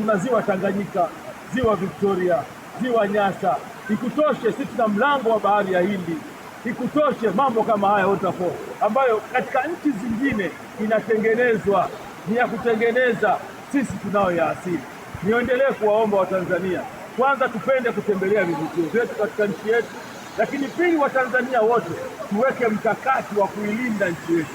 Tuna ziwa Tanganyika, ziwa Victoria, ziwa Nyasa. Ikutoshe sisi tuna mlango wa bahari ya Hindi. Ikutoshe mambo kama haya waterfall, ambayo katika nchi zingine inatengenezwa ni ya kutengeneza, sisi tunayo ya asili. Niendelee kuwaomba Watanzania kwanza, tupende kutembelea vivutio vyetu katika nchi yetu, lakini pili, Watanzania wote tuweke mkakati wa kuilinda nchi yetu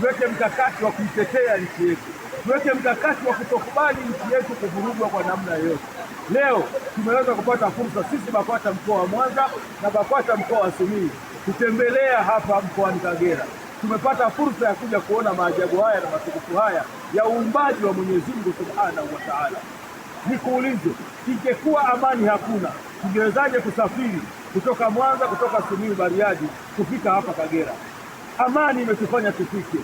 tuweke mkakati wa kuitetea nchi yetu, tuweke mkakati wa kutokubali nchi yetu kuvurugwa kwa namna yoyote. Leo tumeweza kupata fursa sisi BAKWATA mkoa wa Mwanza na BAKWATA mkoa wa Simiyu kutembelea hapa mkoani Kagera, tumepata fursa ya kuja kuona maajabu haya na matukufu haya ya uumbaji wa Mwenyezi Mungu Subhanahu wa Ta'ala. Nikuulize, ingekuwa amani hakuna, tungewezaje kusafiri kutoka Mwanza, kutoka Simiyu, Bariadi kufika hapa Kagera? Amani imetufanya tufike.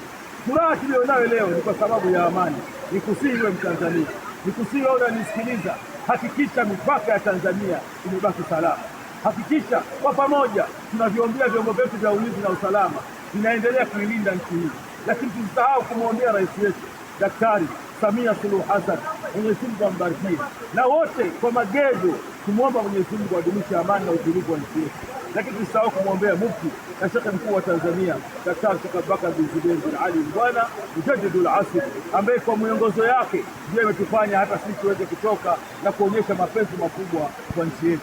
Furaha tuliyonayo leo ni kwa sababu ya amani. Nikusihi wewe Mtanzania, nikusihi wewe unanisikiliza, hakikisha mipaka ya Tanzania imebaki salama. Hakikisha kwa pamoja tunaviombea vyombo vyetu vya ulinzi na usalama vinaendelea kuilinda nchi hii, lakini tusisahau kumwombea rais wetu Daktari Samia Suluhu Hassan, Mwenyezi Mungu ambarikie, na wote kwa magezo kumwomba Mwenyezi Mungu adumishe amani na utulivu wa nchi yetu lakini tusisahau kumwombea mufti na shekhe mkuu wa Tanzania Daktari Sheikh Abubakar bin Zubeir bin Ali Mbwana mjadidul Asr, ambaye kwa miongozo yake ndiye ametufanya hata sisi tuweze kutoka na kuonyesha mapenzi makubwa kwa nchi yetu.